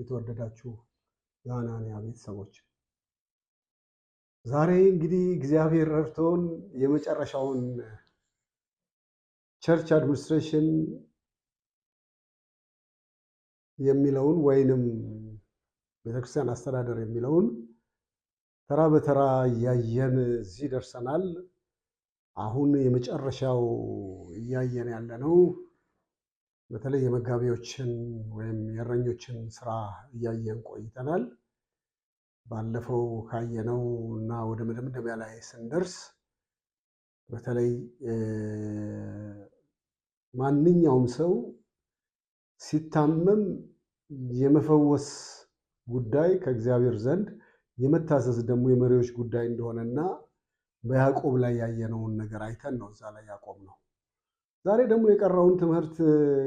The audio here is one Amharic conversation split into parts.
የተወደዳችሁ የሐናንያ ቤተሰቦች ዛሬ እንግዲህ እግዚአብሔር ረድቶን የመጨረሻውን ቸርች አድሚኒስትሬሽን የሚለውን ወይንም ቤተክርስቲያን አስተዳደር የሚለውን ተራ በተራ እያየን እዚህ ደርሰናል። አሁን የመጨረሻው እያየን ያለነው በተለይ የመጋቢዎችን ወይም የእረኞችን ስራ እያየን ቆይተናል። ባለፈው ካየነው እና ወደ መደምደሚያ ላይ ስንደርስ በተለይ ማንኛውም ሰው ሲታመም የመፈወስ ጉዳይ ከእግዚአብሔር ዘንድ የመታዘዝ ደግሞ የመሪዎች ጉዳይ እንደሆነና በያዕቆብ ላይ ያየነውን ነገር አይተን ነው እዛ ላይ ያቆም ነው። ዛሬ ደግሞ የቀረውን ትምህርት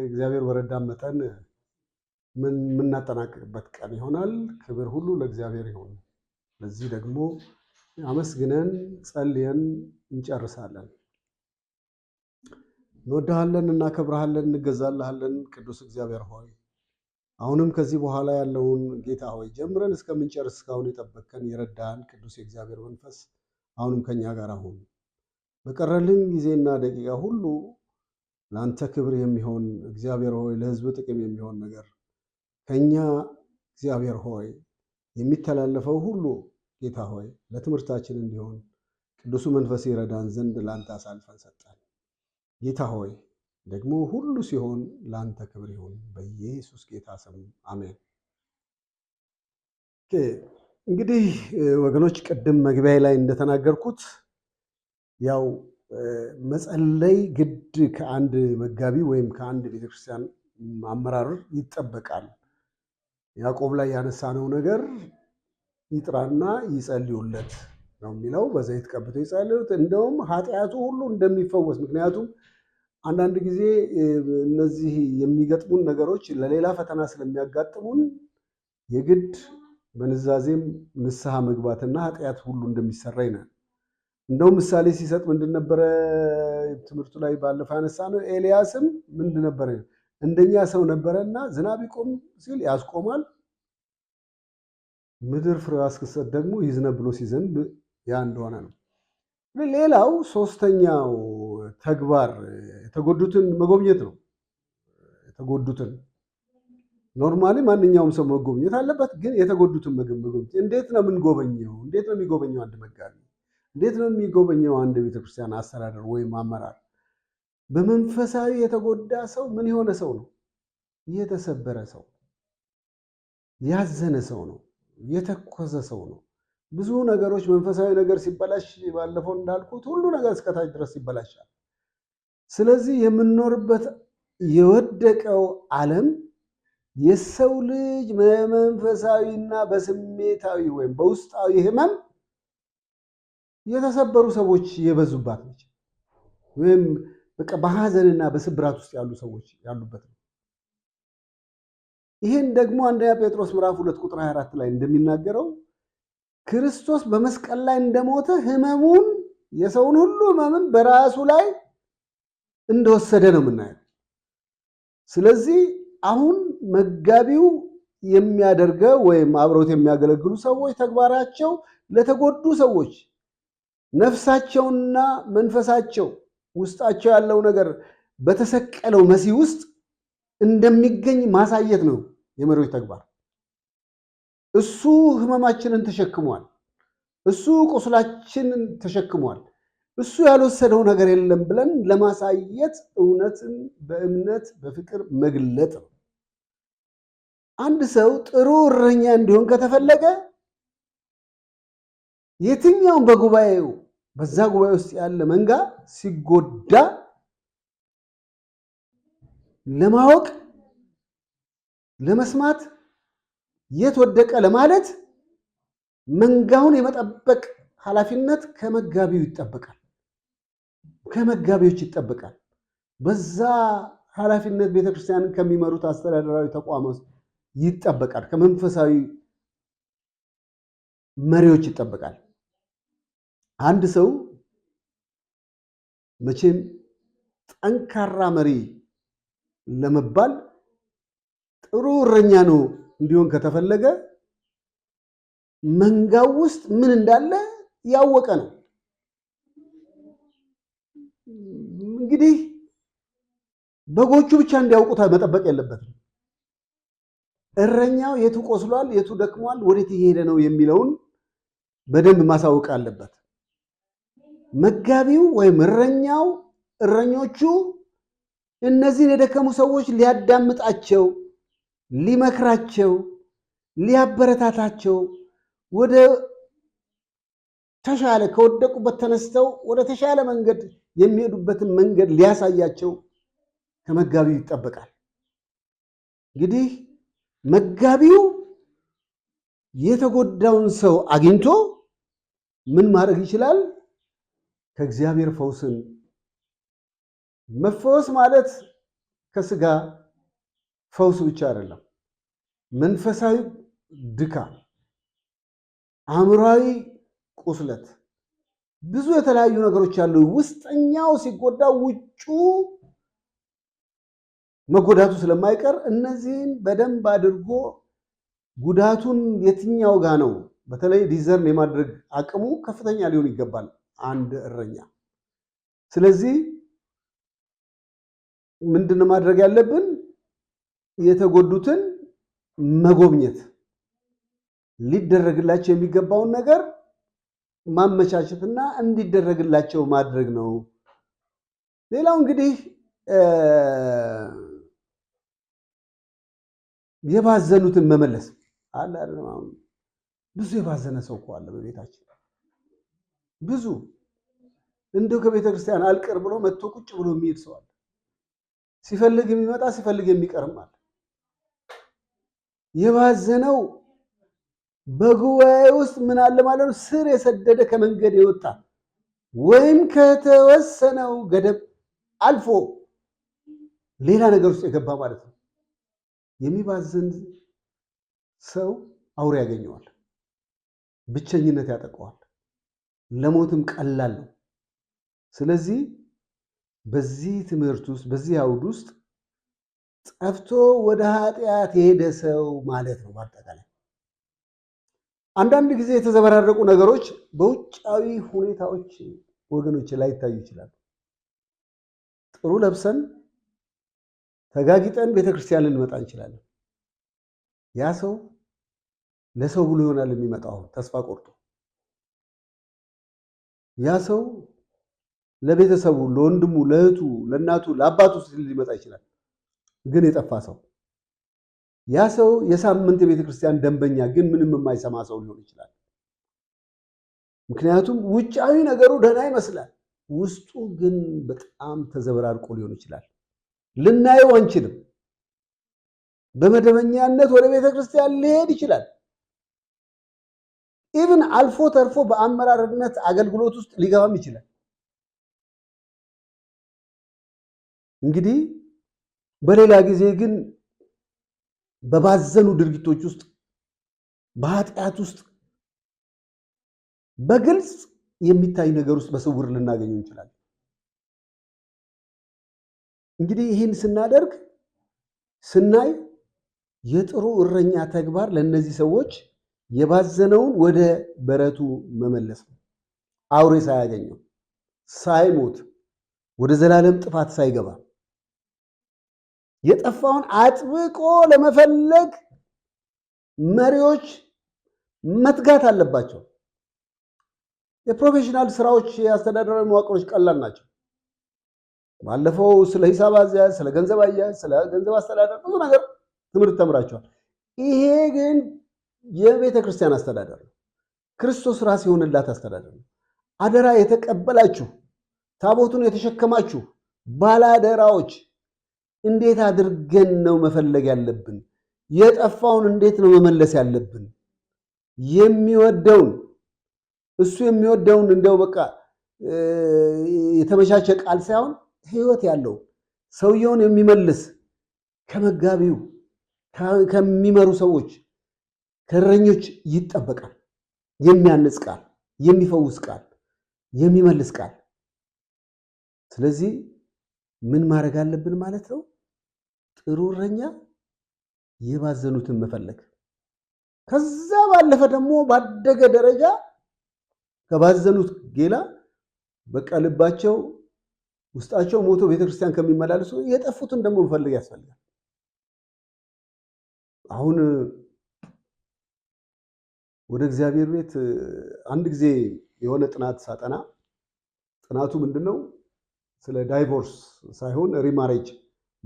እግዚአብሔር በረዳን መጠን የምናጠናቅቅበት ቀን ይሆናል። ክብር ሁሉ ለእግዚአብሔር ይሁን። ለዚህ ደግሞ አመስግነን ጸልየን እንጨርሳለን። እንወድሃለን፣ እናከብረሃለን፣ እንገዛልሃለን። ቅዱስ እግዚአብሔር ሆይ አሁንም ከዚህ በኋላ ያለውን ጌታ ሆይ ጀምረን እስከምንጨርስ እስካሁን የጠበቅከን የረዳህን ቅዱስ የእግዚአብሔር መንፈስ አሁንም ከኛ ጋር አሁን በቀረልን ጊዜና ደቂቃ ሁሉ ለአንተ ክብር የሚሆን እግዚአብሔር ሆይ ለህዝብ ጥቅም የሚሆን ነገር ከኛ እግዚአብሔር ሆይ የሚተላለፈው ሁሉ ጌታ ሆይ ለትምህርታችን እንዲሆን ቅዱሱ መንፈስ ይረዳን ዘንድ ለአንተ አሳልፈን ሰጠን። ጌታ ሆይ ደግሞ ሁሉ ሲሆን ለአንተ ክብር ይሁን በኢየሱስ ጌታ ስም አሜን። እንግዲህ ወገኖች ቅድም መግቢያ ላይ እንደተናገርኩት ያው መጸለይ ግድ ከአንድ መጋቢ ወይም ከአንድ ቤተክርስቲያን አመራር ይጠበቃል። ያዕቆብ ላይ ያነሳነው ነገር ይጥራና ይጸልዩለት ነው የሚለው። በዘይት ቀብተው ይጸልዩት፣ እንደውም ኃጢአቱ ሁሉ እንደሚፈወስ ምክንያቱም አንዳንድ ጊዜ እነዚህ የሚገጥሙን ነገሮች ለሌላ ፈተና ስለሚያጋጥሙን የግድ በንዛዜም ንስሐ መግባትና ኃጢአት ሁሉ እንደሚሰራ ይናል። እንደው ምሳሌ ሲሰጥ ምንድን ነበረ ትምህርቱ ላይ ባለፈ አነሳ ነው። ኤልያስም ምንድን ነበረ እንደኛ ሰው ነበረና ዝናብ ይቆም ሲል ያስቆማል፣ ምድር ፍሬዋ እስክትሰጥ ደግሞ ይዝነብ ብሎ ሲዘንብ ያ እንደሆነ ነው። ሌላው ሶስተኛው ተግባር የተጎዱትን መጎብኘት ነው። የተጎዱትን ኖርማሊ ማንኛውም ሰው መጎብኘት አለበት፣ ግን የተጎዱትን መጎብኘት እንዴት ነው የምንጎበኘው? እንዴት ነው የሚጎበኘው አንድ መጋቢ እንዴት ነው የሚጎበኘው አንድ ቤተክርስቲያን አስተዳደር ወይም አመራር? በመንፈሳዊ የተጎዳ ሰው ምን የሆነ ሰው ነው? የተሰበረ ሰው፣ ያዘነ ሰው ነው፣ የተኮሰ ሰው ነው። ብዙ ነገሮች መንፈሳዊ ነገር ሲበላሽ፣ ባለፈው እንዳልኩት ሁሉ ነገር እስከታች ድረስ ይበላሻል። ስለዚህ የምንኖርበት የወደቀው ዓለም የሰው ልጅ በመንፈሳዊና በስሜታዊ ወይም በውስጣዊ ህመም የተሰበሩ ሰዎች የበዙባት ነች። ወይም በቃ በሐዘንና በስብራት ውስጥ ያሉ ሰዎች ያሉበት ነው። ይህን ደግሞ አንደኛ ጴጥሮስ ምዕራፍ ሁለት ቁጥር 24 ላይ እንደሚናገረው ክርስቶስ በመስቀል ላይ እንደሞተ ህመሙን የሰውን ሁሉ ህመምን በራሱ ላይ እንደወሰደ ነው የምናየው። ስለዚህ አሁን መጋቢው የሚያደርገው ወይም አብረውት የሚያገለግሉ ሰዎች ተግባራቸው ለተጎዱ ሰዎች ነፍሳቸውና መንፈሳቸው ውስጣቸው ያለው ነገር በተሰቀለው መሲህ ውስጥ እንደሚገኝ ማሳየት ነው የመሪዎች ተግባር። እሱ ህመማችንን ተሸክሟል። እሱ ቁስላችንን ተሸክሟል። እሱ ያልወሰደው ነገር የለም ብለን ለማሳየት እውነትን በእምነት በፍቅር መግለጥ ነው። አንድ ሰው ጥሩ እረኛ እንዲሆን ከተፈለገ የትኛውም በጉባኤው በዛ ጉባኤ ውስጥ ያለ መንጋ ሲጎዳ ለማወቅ ለመስማት የት ወደቀ ለማለት መንጋውን የመጠበቅ ኃላፊነት ከመጋቢው ይጠበቃል፣ ከመጋቢዎች ይጠበቃል። በዛ ኃላፊነት ቤተክርስቲያንን ከሚመሩት አስተዳደራዊ ተቋሞች ይጠበቃል፣ ከመንፈሳዊ መሪዎች ይጠበቃል። አንድ ሰው መቼም ጠንካራ መሪ ለመባል ጥሩ እረኛ ነው እንዲሆን ከተፈለገ መንጋው ውስጥ ምን እንዳለ ያወቀ ነው። እንግዲህ በጎቹ ብቻ እንዲያውቁት መጠበቅ የለበትም። እረኛው የቱ ቆስሏል፣ የቱ ደክሟል፣ ወዴት እየሄደ ነው የሚለውን በደንብ ማሳወቅ አለበት። መጋቢው ወይም እረኛው እረኞቹ እነዚህን የደከሙ ሰዎች ሊያዳምጣቸው፣ ሊመክራቸው፣ ሊያበረታታቸው ወደ ተሻለ ከወደቁበት ተነስተው ወደ ተሻለ መንገድ የሚሄዱበትን መንገድ ሊያሳያቸው ከመጋቢው ይጠበቃል። እንግዲህ መጋቢው የተጎዳውን ሰው አግኝቶ ምን ማድረግ ይችላል? ከእግዚአብሔር ፈውስን መፈወስ ማለት ከስጋ ፈውስ ብቻ አይደለም። መንፈሳዊ ድካም፣ አእምሯዊ ቁስለት፣ ብዙ የተለያዩ ነገሮች ያሉ ውስጠኛው ሲጎዳ ውጩ መጎዳቱ ስለማይቀር እነዚህን በደንብ አድርጎ ጉዳቱን የትኛው ጋ ነው በተለይ ዲዘርን የማድረግ አቅሙ ከፍተኛ ሊሆን ይገባል። አንድ እረኛ። ስለዚህ ምንድን ማድረግ ያለብን? የተጎዱትን መጎብኘት፣ ሊደረግላቸው የሚገባውን ነገር ማመቻቸትና እንዲደረግላቸው ማድረግ ነው። ሌላው እንግዲህ የባዘኑትን መመለስ አለ። ብዙ የባዘነ ሰው እኮ አለ በቤታችን ብዙ እንደው ከቤተ ክርስቲያን አልቀር ብሎ መጥቶ ቁጭ ብሎ የሚሄድ ሲፈልግ የሚመጣ ሲፈልግ የሚቀርማል። የባዘነው በጉባኤ ውስጥ ምን አለ ማለት ነው፣ ስር የሰደደ ከመንገድ የወጣ ወይም ከተወሰነው ገደብ አልፎ ሌላ ነገር ውስጥ የገባ ማለት ነው። የሚባዘን ሰው አውሬ ያገኘዋል፣ ብቸኝነት ያጠቀዋል። ለሞትም ቀላል ነው። ስለዚህ በዚህ ትምህርት ውስጥ በዚህ አውድ ውስጥ ጠፍቶ ወደ ኃጢአት የሄደ ሰው ማለት ነው። በአጠቃላይ አንዳንድ ጊዜ የተዘበራረቁ ነገሮች በውጫዊ ሁኔታዎች ወገኖች ላይ ይታዩ ይችላሉ። ጥሩ ለብሰን ተጋጊጠን ቤተክርስቲያን ልንመጣ እንችላለን። ያ ሰው ለሰው ብሎ ይሆናል የሚመጣው ተስፋ ቆርጦ ያ ሰው ለቤተሰቡ፣ ለወንድሙ፣ ለእህቱ፣ ለእናቱ፣ ለአባቱ ሲል ሊመጣ ይችላል። ግን የጠፋ ሰው ያ ሰው የሳምንት የቤተ ክርስቲያን ደንበኛ ግን ምንም የማይሰማ ሰው ሊሆን ይችላል። ምክንያቱም ውጫዊ ነገሩ ደህና ይመስላል፣ ውስጡ ግን በጣም ተዘበራርቆ ሊሆን ይችላል። ልናየው አንችልም። በመደበኛነት ወደ ቤተ ክርስቲያን ሊሄድ ይችላል። ኢቭን አልፎ ተርፎ በአመራርነት አገልግሎት ውስጥ ሊገባም ይችላል። እንግዲህ በሌላ ጊዜ ግን በባዘኑ ድርጊቶች ውስጥ በኃጢአት ውስጥ በግልጽ የሚታይ ነገር ውስጥ በስውር ልናገኘው እንችላለን። እንግዲህ ይህን ስናደርግ ስናይ የጥሩ እረኛ ተግባር ለእነዚህ ሰዎች የባዘነውን ወደ በረቱ መመለስ ነው። አውሬ ሳያገኘው ሳይሞት ወደ ዘላለም ጥፋት ሳይገባ የጠፋውን አጥብቆ ለመፈለግ መሪዎች መትጋት አለባቸው። የፕሮፌሽናል ስራዎች፣ የአስተዳደራዊ መዋቅሮች ቀላል ናቸው። ባለፈው ስለ ሂሳብ አያያዝ፣ ስለ ገንዘብ አያያዝ፣ ስለ ገንዘብ አስተዳደር ብዙ ነገር ትምህርት ተምራቸዋል። ይሄ ግን የቤተ ክርስቲያን አስተዳደር ነው። ክርስቶስ ራስ የሆነላት አስተዳደር ነው። አደራ የተቀበላችሁ ታቦቱን የተሸከማችሁ ባለአደራዎች እንዴት አድርገን ነው መፈለግ ያለብን? የጠፋውን እንዴት ነው መመለስ ያለብን? የሚወደውን እሱ የሚወደውን እንደው በቃ የተመቻቸ ቃል ሳይሆን ሕይወት ያለው ሰውየውን የሚመልስ ከመጋቢው ከሚመሩ ሰዎች ከረኞች ይጠበቃል። የሚያንጽ ቃል፣ የሚፈውስ ቃል፣ የሚመልስ ቃል። ስለዚህ ምን ማድረግ አለብን ማለት ነው? ጥሩ እረኛ የባዘኑትን መፈለግ። ከዛ ባለፈ ደግሞ ባደገ ደረጃ ከባዘኑት ጌላ በቃ ልባቸው ውስጣቸው ሞቶ ቤተክርስቲያን ከሚመላለሱ የጠፉትን ደግሞ መፈለግ ያስፈልጋል። አሁን ወደ እግዚአብሔር ቤት አንድ ጊዜ የሆነ ጥናት ሳጠና ጥናቱ ምንድን ነው ስለ ዳይቮርስ ሳይሆን ሪማሬጅ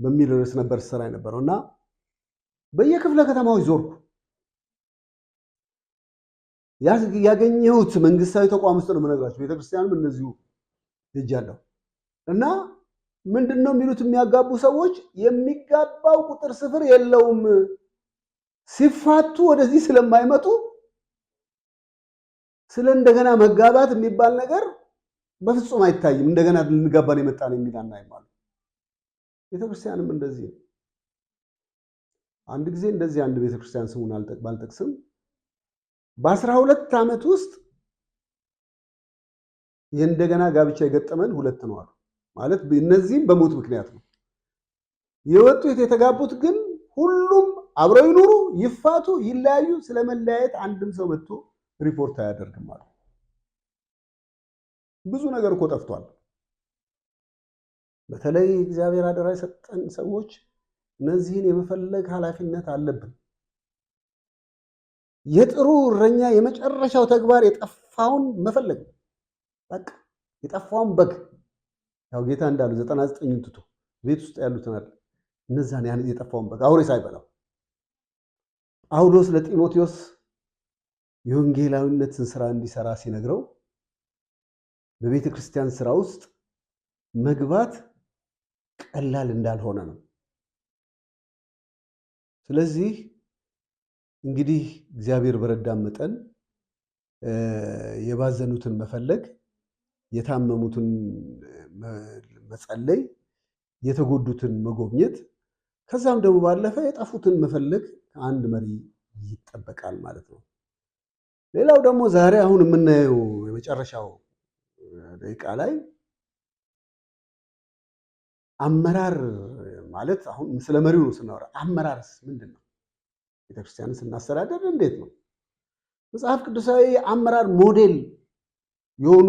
በሚል ርዕስ ነበር ስሰራ የነበረው እና በየክፍለ ከተማዎች ዞርኩ። ያገኘሁት መንግስታዊ ተቋም ውስጥ ነው የምነግራቸው። ቤተክርስቲያንም እንደዚሁ ሄጃለሁ እና ምንድን ነው የሚሉት የሚያጋቡ ሰዎች የሚጋባው ቁጥር ስፍር የለውም፣ ሲፋቱ ወደዚህ ስለማይመጡ ስለ እንደገና መጋባት የሚባል ነገር በፍጹም አይታይም። እንደገና ልንጋባን የመጣ ነው የሚል አናይማሉ። ቤተክርስቲያንም እንደዚህ ነው። አንድ ጊዜ እንደዚህ አንድ ቤተክርስቲያን ስሙን ባልጠቅስም በአስራ ሁለት ዓመት ውስጥ የእንደገና ጋብቻ የገጠመን ሁለት ነው አሉ። ማለት እነዚህም በሞት ምክንያት ነው የወጡት። የተጋቡት ግን ሁሉም አብረው ይኑሩ፣ ይፋቱ፣ ይለያዩ፣ ስለመለያየት አንድም ሰው መጥቶ ሪፖርት አያደርግም አሉ። ብዙ ነገር እኮ ጠፍቷል። በተለይ እግዚአብሔር አደራ የሰጠን ሰዎች እነዚህን የመፈለግ ኃላፊነት አለብን። የጥሩ እረኛ የመጨረሻው ተግባር የጠፋውን መፈለግ በቃ የጠፋውን በግ ያው ጌታ እንዳሉ ዘጠና ዘጠኙን ትቶ ቤት ውስጥ ያሉትን አይደል እነዛን የጠፋውን በግ አውሬ ሳይበላው ጳውሎስ ለጢሞቴዎስ የወንጌላዊነትን ስራ እንዲሰራ ሲነግረው በቤተ ክርስቲያን ስራ ውስጥ መግባት ቀላል እንዳልሆነ ነው። ስለዚህ እንግዲህ እግዚአብሔር በረዳን መጠን የባዘኑትን መፈለግ፣ የታመሙትን መጸለይ፣ የተጎዱትን መጎብኘት ከዛም ደግሞ ባለፈ የጠፉትን መፈለግ ከአንድ መሪ ይጠበቃል ማለት ነው። ሌላው ደግሞ ዛሬ አሁን የምናየው የመጨረሻው ደቂቃ ላይ አመራር ማለት አሁን ስለ መሪው ነው ስናወራ፣ አመራርስ ምንድን ነው? ቤተክርስቲያን ስናስተዳደር እንዴት ነው? መጽሐፍ ቅዱሳዊ አመራር ሞዴል የሆኑ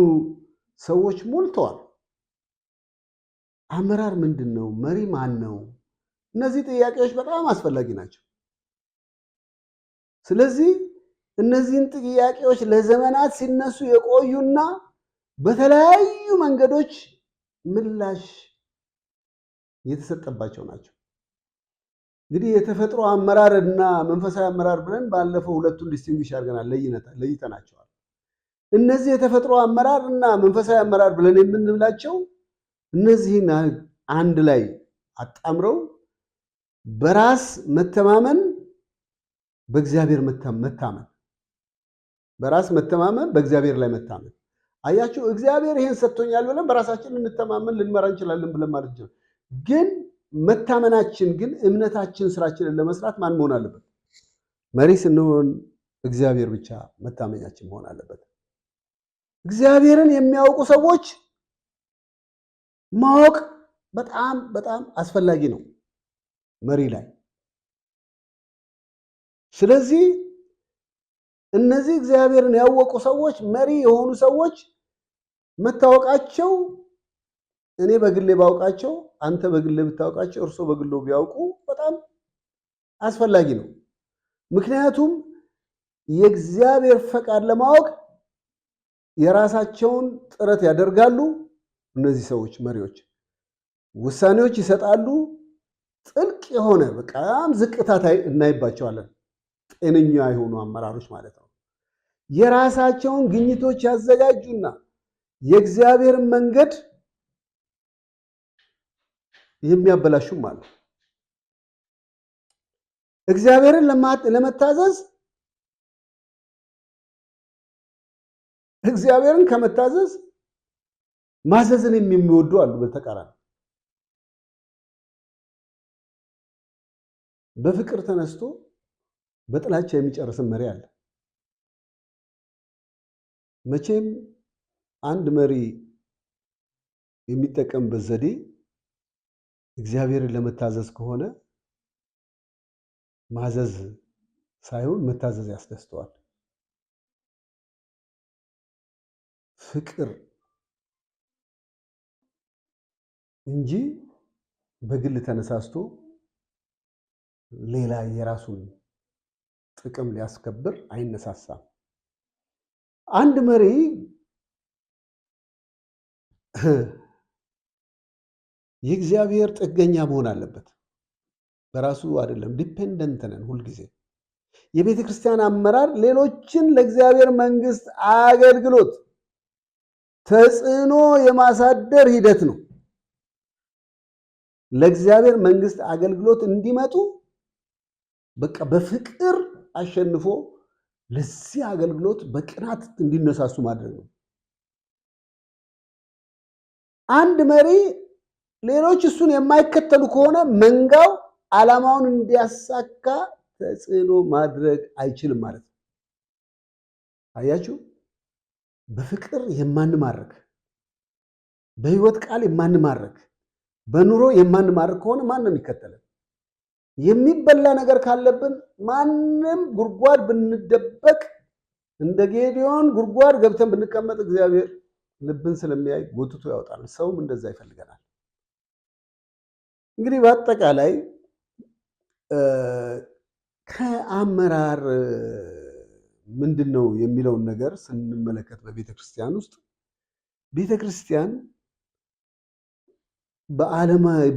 ሰዎች ሞልተዋል። አመራር ምንድን ነው? መሪ ማን ነው? እነዚህ ጥያቄዎች በጣም አስፈላጊ ናቸው። ስለዚህ እነዚህን ጥያቄዎች ለዘመናት ሲነሱ የቆዩና በተለያዩ መንገዶች ምላሽ የተሰጠባቸው ናቸው። እንግዲህ የተፈጥሮ አመራር እና መንፈሳዊ አመራር ብለን ባለፈው ሁለቱን ዲስቲንግሽ አድርገናል፣ ለይተናቸዋል። እነዚህ የተፈጥሮ አመራር እና መንፈሳዊ አመራር ብለን የምንላቸው እነዚህን አንድ ላይ አጣምረው በራስ መተማመን፣ በእግዚአብሔር መታመን በራስ መተማመን በእግዚአብሔር ላይ መታመን። አያችሁ እግዚአብሔር ይህን ሰጥቶኛል ብለን በራሳችን እንተማመን ልንመራ እንችላለን ብለን ማለት ይችላል። ግን መታመናችን ግን እምነታችን ስራችንን ለመስራት ማን መሆን አለበት? መሪ ስንሆን እግዚአብሔር ብቻ መታመኛችን መሆን አለበት። እግዚአብሔርን የሚያውቁ ሰዎች ማወቅ በጣም በጣም አስፈላጊ ነው መሪ ላይ ስለዚህ እነዚህ እግዚአብሔርን ያወቁ ሰዎች መሪ የሆኑ ሰዎች መታወቃቸው እኔ በግሌ ባውቃቸው፣ አንተ በግሌ ብታውቃቸው፣ እርሶ በግሎ ቢያውቁ በጣም አስፈላጊ ነው። ምክንያቱም የእግዚአብሔር ፈቃድ ለማወቅ የራሳቸውን ጥረት ያደርጋሉ። እነዚህ ሰዎች መሪዎች ውሳኔዎች ይሰጣሉ። ጥልቅ የሆነ በጣም ዝቅታ እናይባቸዋለን። ጤነኛ የሆኑ አመራሮች ማለት ነው። የራሳቸውን ግኝቶች ያዘጋጁና የእግዚአብሔርን መንገድ የሚያበላሹም አሉ። እግዚአብሔርን ለመታዘዝ እግዚአብሔርን ከመታዘዝ ማዘዝን የሚወዱ አሉ። በተቃራኒ በፍቅር ተነስቶ በጥላቻ የሚጨርስን መሪ አለ። መቼም አንድ መሪ የሚጠቀምበት ዘዴ እግዚአብሔርን ለመታዘዝ ከሆነ ማዘዝ ሳይሆን መታዘዝ ያስደስተዋል። ፍቅር እንጂ በግል ተነሳስቶ ሌላ የራሱን ጥቅም ሊያስከብር አይነሳሳም። አንድ መሪ የእግዚአብሔር ጥገኛ መሆን አለበት። በራሱ አይደለም። ዲፔንደንት ነን ሁልጊዜ። የቤተ ክርስቲያን አመራር ሌሎችን ለእግዚአብሔር መንግስት አገልግሎት ተጽዕኖ የማሳደር ሂደት ነው። ለእግዚአብሔር መንግስት አገልግሎት እንዲመጡ በቃ በፍቅር አሸንፎ ለዚህ አገልግሎት በቅናት እንዲነሳሱ ማድረግ ነው። አንድ መሪ ሌሎች እሱን የማይከተሉ ከሆነ መንጋው ዓላማውን እንዲያሳካ ተጽዕኖ ማድረግ አይችልም ማለት ነው። አያችሁ፣ በፍቅር የማንማርክ በህይወት ቃል የማንማርክ በኑሮ የማንማርክ ከሆነ ማን ነው የሚከተለን? የሚበላ ነገር ካለብን ማንም ጉድጓድ ብንደበቅ እንደ ጌዲዮን ጉድጓድ ገብተን ብንቀመጥ እግዚአብሔር ልብን ስለሚያይ ጎትቶ ያወጣል። ሰውም እንደዛ ይፈልገናል። እንግዲህ በአጠቃላይ ከአመራር ምንድን ነው የሚለውን ነገር ስንመለከት በቤተክርስቲያን ውስጥ ቤተክርስቲያን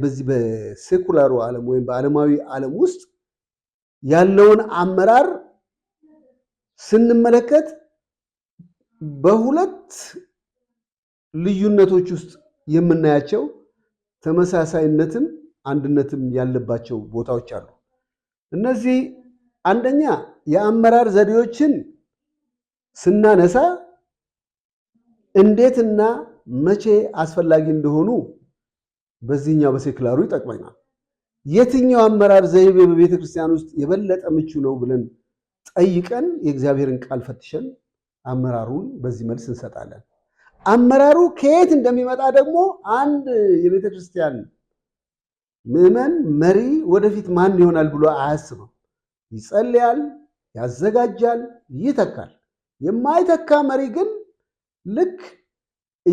በዚህ በሴኩላሩ ዓለም ወይም በዓለማዊ ዓለም ውስጥ ያለውን አመራር ስንመለከት በሁለት ልዩነቶች ውስጥ የምናያቸው ተመሳሳይነትም አንድነትም ያለባቸው ቦታዎች አሉ። እነዚህ አንደኛ የአመራር ዘዴዎችን ስናነሳ እንዴትና መቼ አስፈላጊ እንደሆኑ በዚህኛው በሴክላሩ ይጠቅመናል። የትኛው አመራር ዘይቤ በቤተ ክርስቲያን ውስጥ የበለጠ ምቹ ነው ብለን ጠይቀን የእግዚአብሔርን ቃል ፈትሸን አመራሩን በዚህ መልስ እንሰጣለን። አመራሩ ከየት እንደሚመጣ ደግሞ አንድ የቤተ ክርስቲያን ምዕመን መሪ ወደፊት ማን ይሆናል ብሎ አያስብም። ይጸልያል፣ ያዘጋጃል፣ ይተካል። የማይተካ መሪ ግን ልክ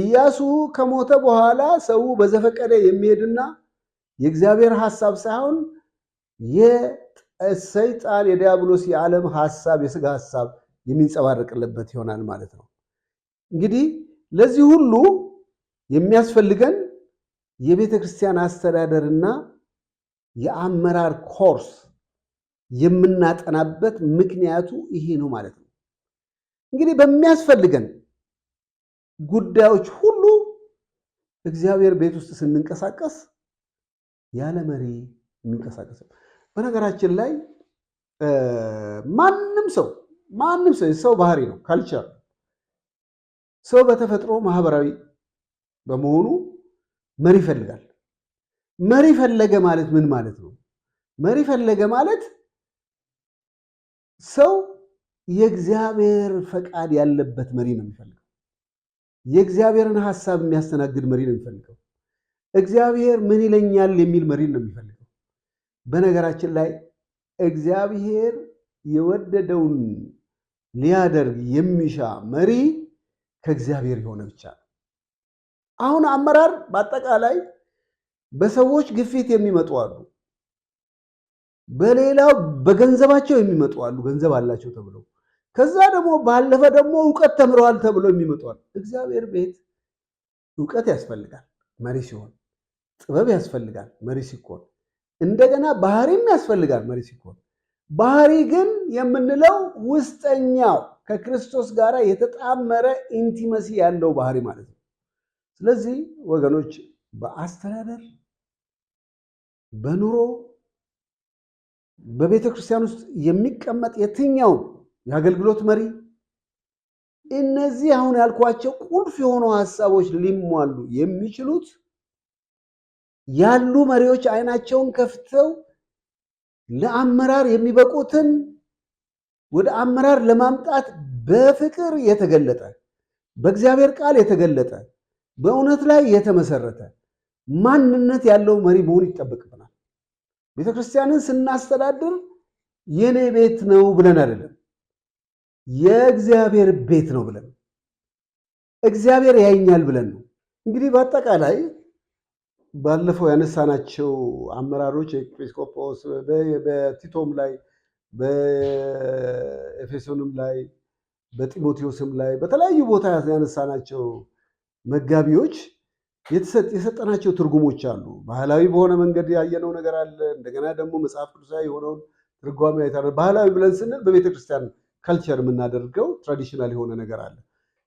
ኢያሱ ከሞተ በኋላ ሰው በዘፈቀደ የሚሄድና የእግዚአብሔር ሐሳብ ሳይሆን የሰይጣን የዲያብሎስ የዓለም ሐሳብ የስጋ ሐሳብ የሚንጸባረቅለበት ይሆናል ማለት ነው። እንግዲህ ለዚህ ሁሉ የሚያስፈልገን የቤተ ክርስቲያን አስተዳደርና የአመራር ኮርስ የምናጠናበት ምክንያቱ ይሄ ነው ማለት ነው። እንግዲህ በሚያስፈልገን ጉዳዮች ሁሉ እግዚአብሔር ቤት ውስጥ ስንንቀሳቀስ ያለ መሪ የሚንቀሳቀስ በነገራችን ላይ ማንም ሰው ማንም ሰው የሰው ባህሪ ነው፣ ካልቸር ሰው በተፈጥሮ ማህበራዊ በመሆኑ መሪ ይፈልጋል። መሪ ፈለገ ማለት ምን ማለት ነው? መሪ ፈለገ ማለት ሰው የእግዚአብሔር ፈቃድ ያለበት መሪ ነው የሚፈልገው። የእግዚአብሔርን ሐሳብ የሚያስተናግድ መሪ ነው የሚፈልገው። እግዚአብሔር ምን ይለኛል የሚል መሪ ነው የሚፈልገው። በነገራችን ላይ እግዚአብሔር የወደደውን ሊያደርግ የሚሻ መሪ ከእግዚአብሔር የሆነ ብቻ ነው። አሁን አመራር በአጠቃላይ በሰዎች ግፊት የሚመጡ አሉ፣ በሌላው በገንዘባቸው የሚመጡ አሉ፣ ገንዘብ አላቸው ተብለው ከዛ ደግሞ ባለፈ ደግሞ እውቀት ተምረዋል ተብሎ የሚመጧል። እግዚአብሔር ቤት እውቀት ያስፈልጋል መሪ ሲሆን፣ ጥበብ ያስፈልጋል መሪ ሲኮን፣ እንደገና ባህሪም ያስፈልጋል መሪ ሲኮን። ባህሪ ግን የምንለው ውስጠኛው ከክርስቶስ ጋር የተጣመረ ኢንቲመሲ ያለው ባህሪ ማለት ነው። ስለዚህ ወገኖች በአስተዳደር በኑሮ በቤተ ክርስቲያን ውስጥ የሚቀመጥ የትኛው የአገልግሎት መሪ እነዚህ አሁን ያልኳቸው ቁልፍ የሆኑ ሀሳቦች ሊሟሉ የሚችሉት ያሉ መሪዎች አይናቸውን ከፍተው ለአመራር የሚበቁትን ወደ አመራር ለማምጣት በፍቅር የተገለጠ በእግዚአብሔር ቃል የተገለጠ በእውነት ላይ የተመሰረተ ማንነት ያለው መሪ መሆን ይጠበቅብናል። ቤተክርስቲያንን ስናስተዳድር የኔ ቤት ነው ብለን አይደለም የእግዚአብሔር ቤት ነው ብለን እግዚአብሔር ያይኛል ብለን ነው። እንግዲህ በአጠቃላይ ባለፈው ያነሳናቸው አመራሮች ኤጲስቆጶስ በቲቶም ላይ በኤፌሶንም ላይ በጢሞቴዎስም ላይ በተለያዩ ቦታ ያነሳናቸው መጋቢዎች የሰጠናቸው ትርጉሞች አሉ። ባህላዊ በሆነ መንገድ ያየነው ነገር አለ። እንደገና ደግሞ መጽሐፍ ቅዱሳዊ የሆነውን ትርጓሜ አይተናል። ባህላዊ ብለን ስንል በቤተክርስቲያን ካልቸር የምናደርገው ትራዲሽናል የሆነ ነገር አለ።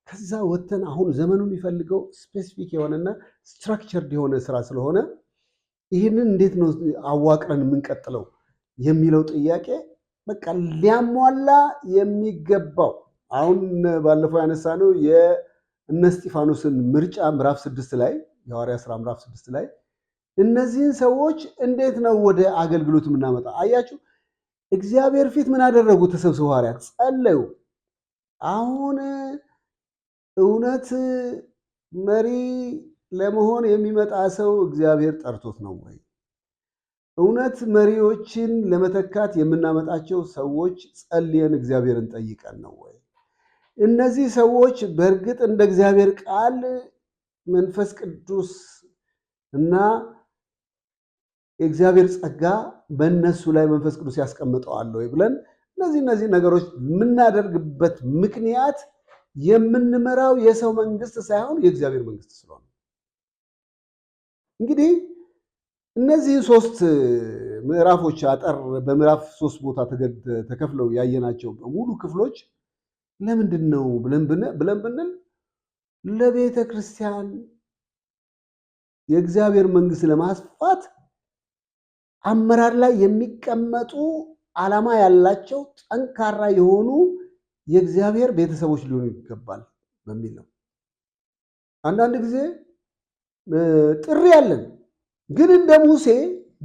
ከዛ ወጥተን አሁን ዘመኑ የሚፈልገው ስፔሲፊክ የሆነና ስትራክቸርድ የሆነ ስራ ስለሆነ ይህንን እንዴት ነው አዋቅረን የምንቀጥለው የሚለው ጥያቄ በቃ ሊያሟላ የሚገባው አሁን ባለፈው ያነሳነው የእነ እስጢፋኖስን ምርጫ ምዕራፍ ስድስት ላይ የሐዋርያት ስራ ምዕራፍ ስድስት ላይ እነዚህን ሰዎች እንዴት ነው ወደ አገልግሎት የምናመጣ? አያችሁ እግዚአብሔር ፊት ምን አደረጉ? ተሰብስበው ሐዋርያት ጸለዩ። አሁን እውነት መሪ ለመሆን የሚመጣ ሰው እግዚአብሔር ጠርቶት ነው ወይ? እውነት መሪዎችን ለመተካት የምናመጣቸው ሰዎች ጸልየን እግዚአብሔርን ጠይቀን ነው ወይ? እነዚህ ሰዎች በእርግጥ እንደ እግዚአብሔር ቃል መንፈስ ቅዱስ እና የእግዚአብሔር ጸጋ በእነሱ ላይ መንፈስ ቅዱስ ያስቀምጠዋል ወይ ብለን እነዚህ እነዚህ ነገሮች የምናደርግበት ምክንያት የምንመራው የሰው መንግስት ሳይሆን የእግዚአብሔር መንግስት ስለሆነ እንግዲህ እነዚህን ሶስት ምዕራፎች አጠር በምዕራፍ ሶስት ቦታ ተከፍለው ያየናቸው በሙሉ ክፍሎች ለምንድን ነው ብለን ብንል ለቤተ ክርስቲያን የእግዚአብሔር መንግስት ለማስፋት አመራር ላይ የሚቀመጡ ዓላማ ያላቸው ጠንካራ የሆኑ የእግዚአብሔር ቤተሰቦች ሊሆኑ ይገባል በሚል ነው። አንዳንድ ጊዜ ጥሪ ያለን ግን እንደ ሙሴ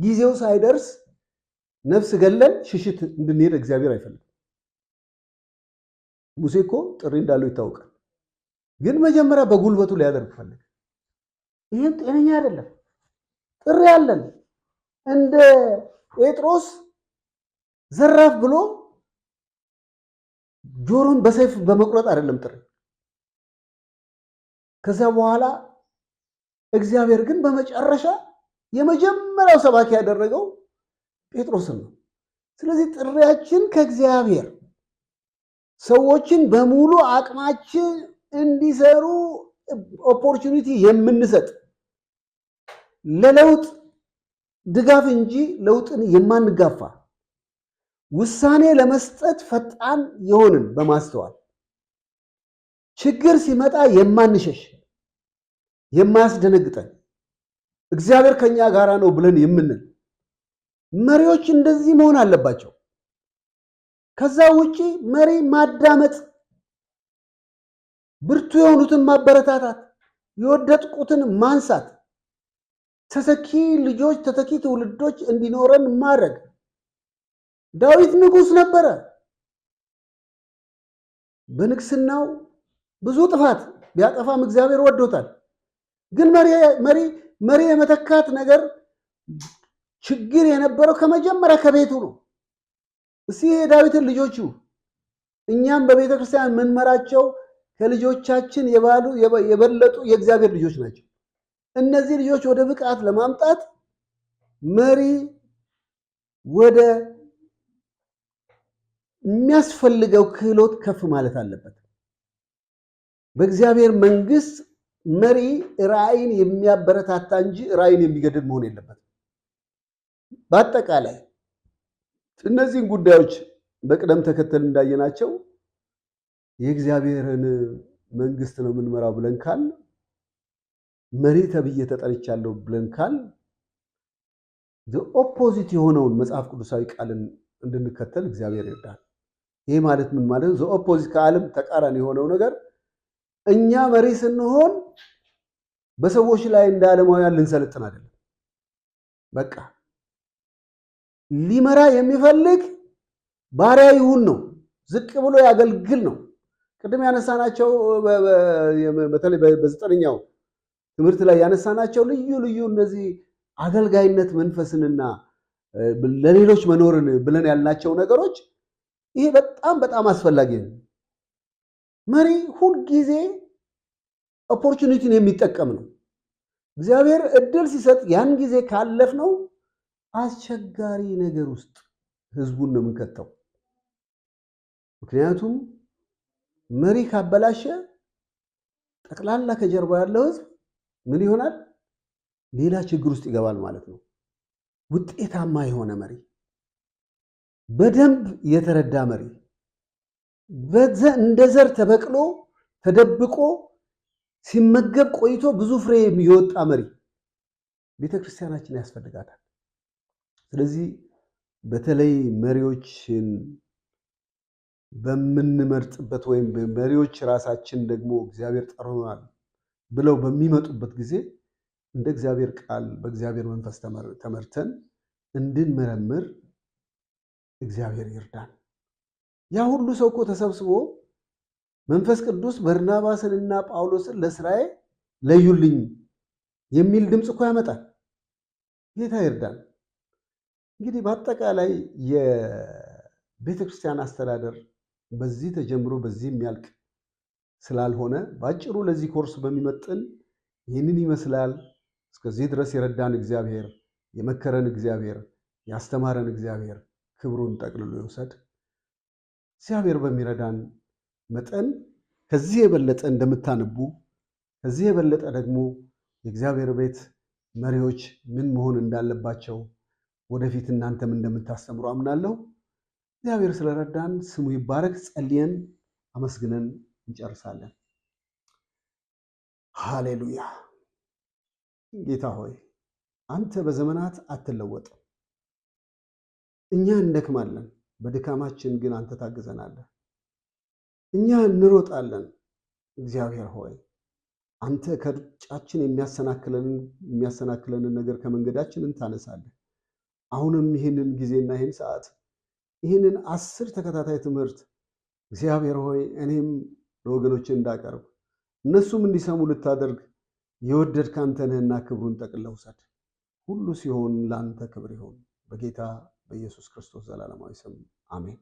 ጊዜው ሳይደርስ ነፍስ ገለን ሽሽት እንድንሄድ እግዚአብሔር አይፈልግም። ሙሴ እኮ ጥሪ እንዳለው ይታወቃል። ግን መጀመሪያ በጉልበቱ ሊያደርግ ፈለገ። ይህም ጤነኛ አይደለም። ጥሪ ያለን እንደ ጴጥሮስ ዘራፍ ብሎ ጆሮን በሰይፍ በመቁረጥ አይደለም ጥሪ። ከዚያ በኋላ እግዚአብሔር ግን በመጨረሻ የመጀመሪያው ሰባኪ ያደረገው ጴጥሮስን ነው። ስለዚህ ጥሪያችን ከእግዚአብሔር ሰዎችን በሙሉ አቅማችን እንዲሰሩ ኦፖርቹኒቲ የምንሰጥ ለለውጥ ድጋፍ እንጂ ለውጥን የማንጋፋ ውሳኔ ለመስጠት ፈጣን የሆንን በማስተዋል ችግር ሲመጣ የማንሸሽ የማያስደነግጠን እግዚአብሔር ከኛ ጋራ ነው ብለን የምንል መሪዎች እንደዚህ መሆን አለባቸው። ከዛ ውጪ መሪ ማዳመጥ፣ ብርቱ የሆኑትን ማበረታታት፣ የወደቁትን ማንሳት ተተኪ ልጆች ተተኪ ትውልዶች እንዲኖረን ማድረግ። ዳዊት ንጉስ ነበረ። በንግስናው ብዙ ጥፋት ቢያጠፋም እግዚአብሔር ወዶታል። ግን መሪ መሪ የመተካት ነገር ችግር የነበረው ከመጀመሪያ ከቤቱ ነው። እስኪ የዳዊትን ልጆቹ እኛም በቤተ ክርስቲያን ምንመራቸው ከልጆቻችን የባሉ የበለጡ የእግዚአብሔር ልጆች ናቸው። እነዚህ ልጆች ወደ ብቃት ለማምጣት መሪ ወደ የሚያስፈልገው ክህሎት ከፍ ማለት አለበት። በእግዚአብሔር መንግስት መሪ ራዕይን የሚያበረታታ እንጂ ራዕይን የሚገድል መሆን የለበትም። በአጠቃላይ እነዚህን ጉዳዮች በቅደም ተከተል እንዳየናቸው የእግዚአብሔርን መንግስት ነው የምንመራው ብለን ካል መሪ ተብዬ ተጠርቻለሁ ብለን ካል ኦፖዚት የሆነውን መጽሐፍ ቅዱሳዊ ቃልን እንድንከተል እግዚአብሔር ይርዳል። ይህ ማለት ምን ማለት ነው? ኦፖዚት ከዓለም ተቃራኒ የሆነው ነገር እኛ መሪ ስንሆን በሰዎች ላይ እንደ ዓለማውያን ልንሰለጥን አይደለም። በቃ ሊመራ የሚፈልግ ባሪያ ይሁን ነው፣ ዝቅ ብሎ ያገልግል ነው። ቅድም ያነሳናቸው በተለይ በዘጠነኛው ትምህርት ላይ ያነሳናቸው ልዩ ልዩ እነዚህ አገልጋይነት መንፈስንና ለሌሎች መኖርን ብለን ያልናቸው ነገሮች ይሄ በጣም በጣም አስፈላጊ ነው። መሪ ሁልጊዜ ኦፖርቹኒቲን የሚጠቀም ነው። እግዚአብሔር እድል ሲሰጥ ያን ጊዜ ካለፍ ነው አስቸጋሪ ነገር ውስጥ ህዝቡን ነው የምንከተው። ምክንያቱም መሪ ካበላሸ ጠቅላላ ከጀርባ ያለው ህዝብ ምን ይሆናል? ሌላ ችግር ውስጥ ይገባል ማለት ነው። ውጤታማ የሆነ መሪ፣ በደንብ የተረዳ መሪ፣ እንደ ዘር ተበቅሎ ተደብቆ ሲመገብ ቆይቶ ብዙ ፍሬ የወጣ መሪ ቤተ ክርስቲያናችን ያስፈልጋታል። ስለዚህ በተለይ መሪዎችን በምንመርጥበት ወይም መሪዎች ራሳችን ደግሞ እግዚአብሔር ጠሩናል ብለው በሚመጡበት ጊዜ እንደ እግዚአብሔር ቃል በእግዚአብሔር መንፈስ ተመርተን እንድንመረምር እግዚአብሔር ይርዳን። ያ ሁሉ ሰው እኮ ተሰብስቦ መንፈስ ቅዱስ በርናባስንና ጳውሎስን ለስራዬ ለዩልኝ የሚል ድምፅ እኮ ያመጣል። ጌታ ይርዳን። እንግዲህ በአጠቃላይ የቤተክርስቲያን አስተዳደር በዚህ ተጀምሮ በዚህ የሚያልቅ ስላልሆነ በአጭሩ ለዚህ ኮርስ በሚመጥን ይህንን ይመስላል። እስከዚህ ድረስ የረዳን እግዚአብሔር፣ የመከረን እግዚአብሔር፣ ያስተማረን እግዚአብሔር ክብሩን ጠቅልሎ ይውሰድ። እግዚአብሔር በሚረዳን መጠን ከዚህ የበለጠ እንደምታነቡ ከዚህ የበለጠ ደግሞ የእግዚአብሔር ቤት መሪዎች ምን መሆን እንዳለባቸው ወደፊት እናንተም እንደምታስተምሩ አምናለሁ። እግዚአብሔር ስለረዳን ስሙ ይባረክ። ጸልየን አመስግነን እንጨርሳለን። ሃሌሉያ። ጌታ ሆይ አንተ በዘመናት አትለወጥም። እኛ እንደክማለን፣ በድካማችን ግን አንተ ታግዘናለህ። እኛ እንሮጣለን፣ እግዚአብሔር ሆይ አንተ ከሩጫችን የሚያሰናክለንን ነገር ከመንገዳችን እንታነሳለን። አሁንም ይህንን ጊዜና ይህን ሰዓት ይህንን አስር ተከታታይ ትምህርት እግዚአብሔር ሆይ እኔም ለወገኖች እንዳቀርብ እነሱም እንዲሰሙ ልታደርግ የወደድ ካንተንህና ክብሩን ጠቅልለው ውሰድ። ሁሉ ሲሆን ለአንተ ክብር ይሆን በጌታ በኢየሱስ ክርስቶስ ዘላለማዊ ስም አሜን።